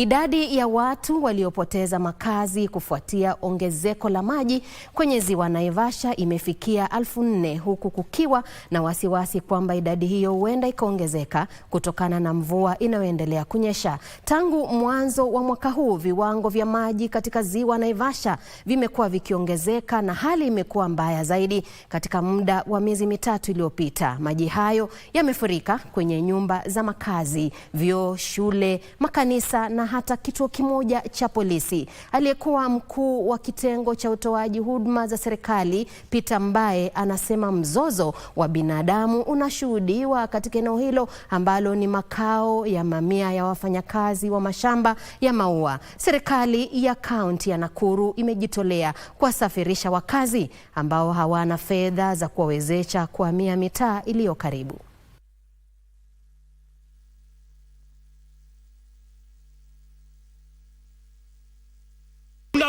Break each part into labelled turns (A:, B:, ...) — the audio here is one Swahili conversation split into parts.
A: Idadi ya watu waliopoteza makazi kufuatia ongezeko la maji kwenye ziwa Naivasha imefikia elfu nne huku kukiwa na wasiwasi kwamba idadi hiyo huenda ikaongezeka kutokana na mvua inayoendelea kunyesha. Tangu mwanzo wa mwaka huu, viwango vya maji katika ziwa Naivasha vimekuwa vikiongezeka na hali imekuwa mbaya zaidi katika muda wa miezi mitatu iliyopita. Maji hayo yamefurika kwenye nyumba za makazi, vyoo, shule, makanisa na hata kituo kimoja cha polisi. Aliyekuwa mkuu wa kitengo cha utoaji huduma za serikali Peter Mbae anasema mzozo wa binadamu unashuhudiwa katika eneo hilo ambalo ni makao ya mamia ya wafanyakazi wa mashamba ya maua. Serikali ya kaunti ya Nakuru imejitolea kuwasafirisha wakazi ambao hawana fedha za kuwawezesha kuhamia mitaa iliyo karibu.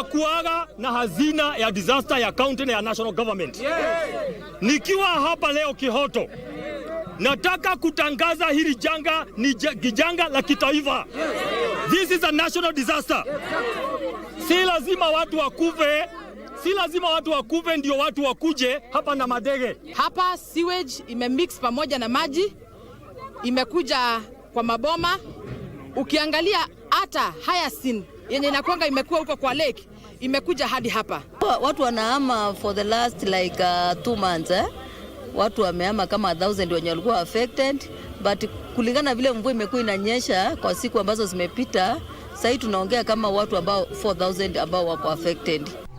B: kuaga na hazina ya disaster ya county na ya national government. Nikiwa hapa leo Kihoto, nataka kutangaza hili janga ni kijanga la kitaifa. This is a national disaster. Si lazima watu wakuve si lazima watu wakuve ndio watu wakuje hapa na madege
C: hapa. Sewage imemix pamoja na maji, imekuja kwa maboma ukiangalia hata hyacinth yenye inakwanga imekuwa huko kwa lake imekuja hadi hapa.
D: Watu wanahama for the last like uh, two months eh? Watu wamehama kama 1000 wenye walikuwa affected but kulingana vile mvua imekuwa inanyesha kwa siku ambazo zimepita, sahii tunaongea kama watu ambao 4000 ambao wako affected.